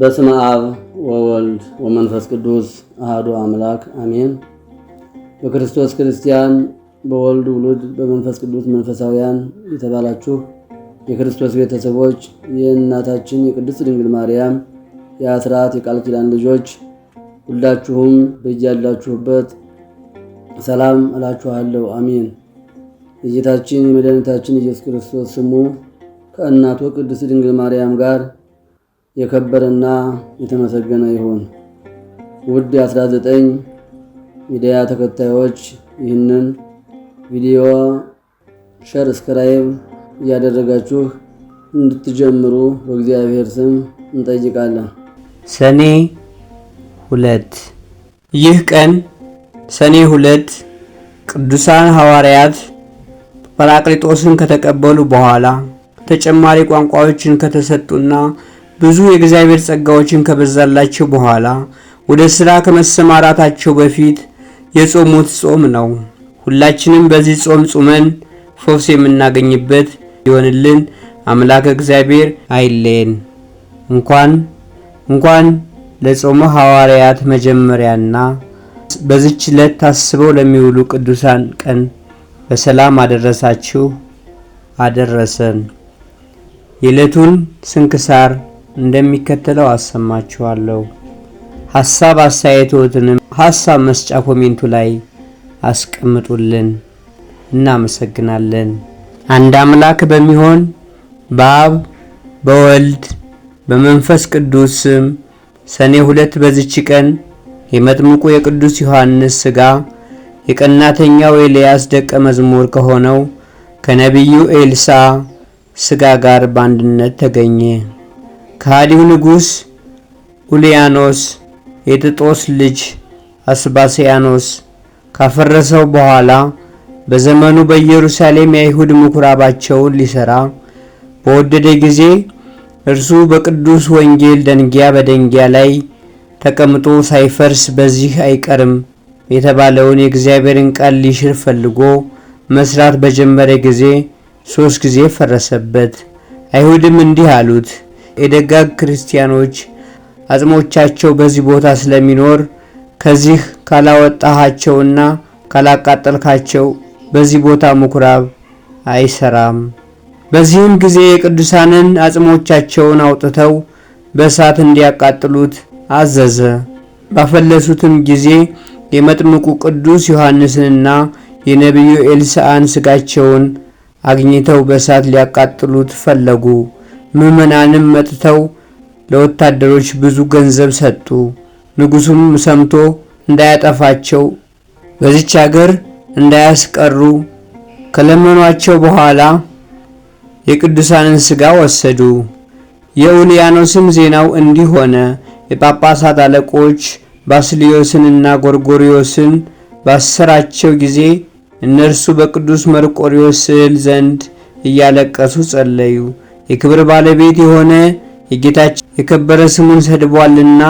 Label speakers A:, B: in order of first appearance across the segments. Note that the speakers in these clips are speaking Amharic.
A: በስመ አብ ወወልድ ወመንፈስ ቅዱስ አህዱ አምላክ አሜን። በክርስቶስ ክርስቲያን በወልድ ውሉድ በመንፈስ ቅዱስ መንፈሳውያን የተባላችሁ የክርስቶስ ቤተሰቦች የእናታችን የቅድስት ድንግል ማርያም የአስራት የቃል ኪዳን ልጆች ሁላችሁም በያላችሁበት ሰላም እላችኋለሁ። አሜን። የጌታችን የመድኃኒታችን ኢየሱስ ክርስቶስ ስሙ ከእናቱ ቅድስት ድንግል ማርያም ጋር የከበረና የተመሰገነ ይሁን። ውድ የ19 ሚዲያ ተከታዮች ይህንን ቪዲዮ ሸር፣ እስክራይብ እያደረጋችሁ እንድትጀምሩ በእግዚአብሔር ስም እንጠይቃለን።
B: ሰኔ ሁለት ይህ ቀን ሰኔ ሁለት ቅዱሳን ሐዋርያት ጰራቅሊጦስን ከተቀበሉ በኋላ ተጨማሪ ቋንቋዎችን ከተሰጡና ብዙ የእግዚአብሔር ጸጋዎችን ከበዛላቸው በኋላ ወደ ሥራ ከመሰማራታቸው በፊት የጾሙት ጾም ነው። ሁላችንም በዚህ ጾም ጾመን ፎስ የምናገኝበት ይሆንልን። አምላክ እግዚአብሔር አይለየን። እንኳን እንኳን ለጾመ ሐዋርያት መጀመሪያና በዚች ዕለት ታስበው ለሚውሉ ቅዱሳን ቀን በሰላም አደረሳችሁ አደረሰን። የዕለቱን ስንክሳር እንደሚከተለው አሰማችኋለሁ። ሐሳብ አስተያየቶትንም ሐሳብ መስጫ ኮሜንቱ ላይ አስቀምጡልን። እናመሰግናለን። አንድ አምላክ በሚሆን በአብ በወልድ በመንፈስ ቅዱስ ስም ሰኔ ሁለት በዚች ቀን የመጥምቁ የቅዱስ ዮሐንስ ሥጋ የቀናተኛው ኤልያስ ደቀ መዝሙር ከሆነው ከነቢዩ ኤልሳ ሥጋ ጋር በአንድነት ተገኘ። ከሃዲው ንጉሥ ኡልያኖስ የጥጦስ ልጅ አስባስያኖስ ካፈረሰው በኋላ በዘመኑ በኢየሩሳሌም የአይሁድ ምኩራባቸውን ሊሠራ በወደደ ጊዜ እርሱ በቅዱስ ወንጌል ደንጊያ በደንጊያ ላይ ተቀምጦ ሳይፈርስ በዚህ አይቀርም የተባለውን የእግዚአብሔርን ቃል ሊሽር ፈልጎ መስራት በጀመረ ጊዜ ሦስት ጊዜ ፈረሰበት። አይሁድም እንዲህ አሉት፣ የደጋግ ክርስቲያኖች አጽሞቻቸው በዚህ ቦታ ስለሚኖር ከዚህ ካላወጣሃቸውና ካላቃጠልካቸው በዚህ ቦታ ምኩራብ አይሰራም። በዚህም ጊዜ የቅዱሳንን አጽሞቻቸውን አውጥተው በእሳት እንዲያቃጥሉት አዘዘ። ባፈለሱትም ጊዜ የመጥምቁ ቅዱስ ዮሐንስንና የነቢዩ ኤልሳዕን ስጋቸውን አግኝተው በእሳት ሊያቃጥሉት ፈለጉ። ምዕመናንም መጥተው ለወታደሮች ብዙ ገንዘብ ሰጡ። ንጉሱም ሰምቶ እንዳያጠፋቸው በዚች አገር እንዳያስቀሩ ከለመኗቸው በኋላ የቅዱሳንን ሥጋ ወሰዱ። የኡልያኖስም ዜናው እንዲህ ሆነ። የጳጳሳት አለቆች ባስልዮስንና ጎርጎሪዮስን ባሰራቸው ጊዜ እነርሱ በቅዱስ መርቆሪዎስ ስዕል ዘንድ እያለቀሱ ጸለዩ። የክብር ባለቤት የሆነ የጌታችን የከበረ ስሙን ሰድቧልና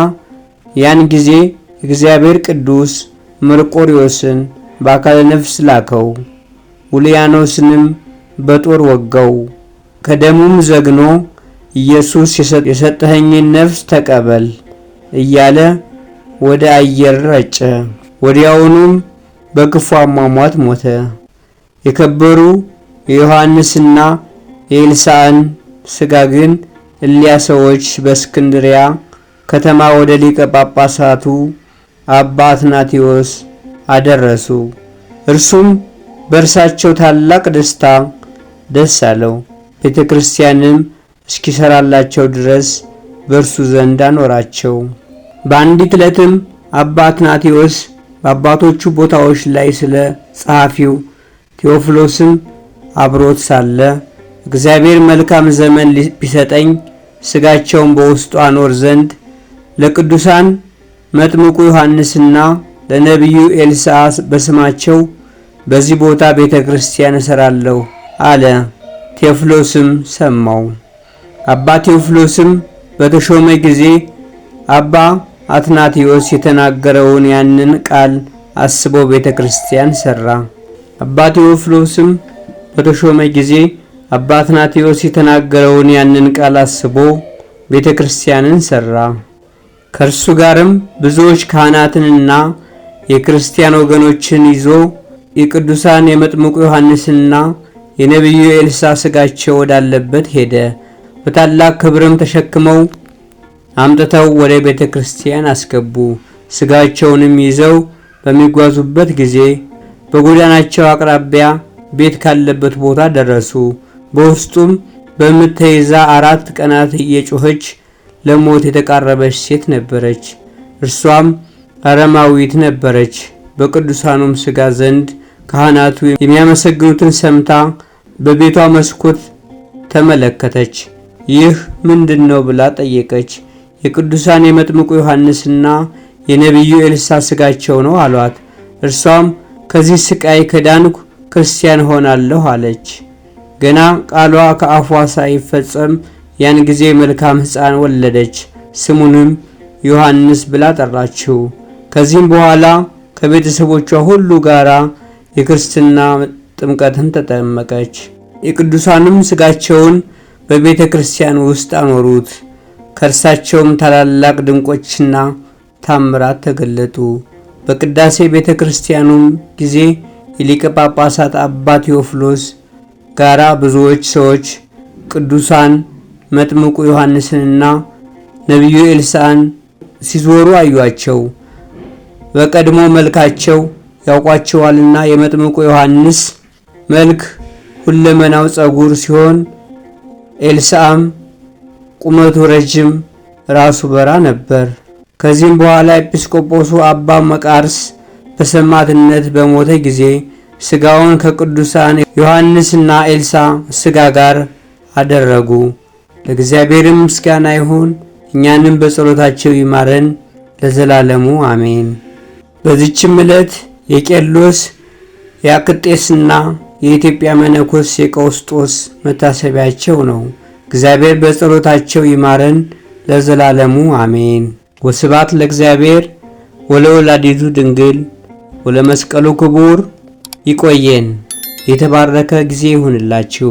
B: ያን ጊዜ እግዚአብሔር ቅዱስ መርቆሪዎስን በአካለ ነፍስ ላከው፣ ውልያኖስንም በጦር ወጋው። ከደሙም ዘግኖ ኢየሱስ የሰጠኸኝን ነፍስ ተቀበል እያለ ወደ አየር ረጨ። ወዲያውኑም በክፉ አሟሟት ሞተ። የከበሩ የዮሐንስና የኤልሳዕን ስጋ ግን እሊያ ሰዎች በእስክንድሪያ ከተማ ወደ ሊቀ ጳጳሳቱ አባ አትናቴዎስ አደረሱ። እርሱም በእርሳቸው ታላቅ ደስታ ደስ አለው። ቤተ ክርስቲያንም እስኪሰራላቸው ድረስ በእርሱ ዘንድ አኖራቸው። በአንዲት ዕለትም አባ አትናቴዎስ በአባቶቹ ቦታዎች ላይ ስለ ጸሐፊው ቴዎፍሎስም አብሮት ሳለ እግዚአብሔር መልካም ዘመን ቢሰጠኝ ስጋቸውን በውስጡ አኖር ዘንድ ለቅዱሳን መጥምቁ ዮሐንስና ለነቢዩ ኤልሳ በስማቸው በዚህ ቦታ ቤተ ክርስቲያን እሰራለሁ አለ። ቴዎፍሎስም ሰማው። አባ ቴዎፍሎስም በተሾመ ጊዜ አባ አትናቴዎስ የተናገረውን ያንን ቃል አስቦ ቤተ ክርስቲያን ሰራ። አባ ቴዎፍሎስም በተሾመ ጊዜ አባ አትናቴዎስ የተናገረውን ያንን ቃል አስቦ ቤተ ክርስቲያንን ሠራ። ከእርሱ ጋርም ብዙዎች ካህናትንና የክርስቲያን ወገኖችን ይዞ የቅዱሳን የመጥምቁ ዮሐንስና የነቢዩ ኤልሳ ሥጋቸው ወዳለበት ሄደ። በታላቅ ክብርም ተሸክመው አምጥተው ወደ ቤተ ክርስቲያን አስገቡ። ሥጋቸውንም ይዘው በሚጓዙበት ጊዜ በጎዳናቸው አቅራቢያ ቤት ካለበት ቦታ ደረሱ። በውስጡም በምትይዛ አራት ቀናት እየጮኸች ለሞት የተቃረበች ሴት ነበረች። እርሷም አረማዊት ነበረች። በቅዱሳኑም ሥጋ ዘንድ ካህናቱ የሚያመሰግኑትን ሰምታ በቤቷ መስኮት ተመለከተች። ይህ ምንድን ነው ብላ ጠየቀች። የቅዱሳን የመጥምቁ ዮሐንስና የነቢዩ ኤልሳ ሥጋቸው ነው አሏት። እርሷም ከዚህ ሥቃይ ከዳንኩ ክርስቲያን ሆናለሁ አለች። ገና ቃሏ ከአፏ ሳይፈጸም ያን ጊዜ መልካም ሕፃን ወለደች፣ ስሙንም ዮሐንስ ብላ ጠራችው። ከዚህም በኋላ ከቤተሰቦቿ ሁሉ ጋር የክርስትና ጥምቀትን ተጠመቀች። የቅዱሳንም ሥጋቸውን በቤተ ክርስቲያን ውስጥ አኖሩት። ከእርሳቸውም ታላላቅ ድንቆችና ታምራት ተገለጡ። በቅዳሴ ቤተ ክርስቲያኑም ጊዜ የሊቀ ጳጳሳት አባ ቴዎፍሎስ ጋራ ብዙዎች ሰዎች ቅዱሳን መጥምቁ ዮሐንስንና ነቢዩ ኤልሳን ሲዞሩ አዩአቸው። በቀድሞ መልካቸው ያውቋቸዋልና የመጥምቁ ዮሐንስ መልክ ሁለመናው ጸጉር ሲሆን ኤልሳም ቁመቱ ረጅም ራሱ በራ ነበር። ከዚህም በኋላ ኤጲስቆጶሱ አባ መቃርስ በሰማዕትነት በሞተ ጊዜ ስጋውን ከቅዱሳን ዮሐንስና ኤልሳ ስጋ ጋር አደረጉ። ለእግዚአብሔርም ምስጋና ይሁን፣ እኛንም በጸሎታቸው ይማረን ለዘላለሙ አሜን። በዚችም ዕለት የቄርሎስ የአክጤስና የኢትዮጵያ መነኮስ የቀውስጦስ መታሰቢያቸው ነው። እግዚአብሔር በጸሎታቸው ይማረን ለዘላለሙ አሜን። ወስባት ለእግዚአብሔር ወለወላዲቱ ድንግል ወለመስቀሉ ክቡር ይቆየን። የተባረከ ጊዜ ይሁንላችሁ።